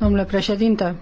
Domnule președinte,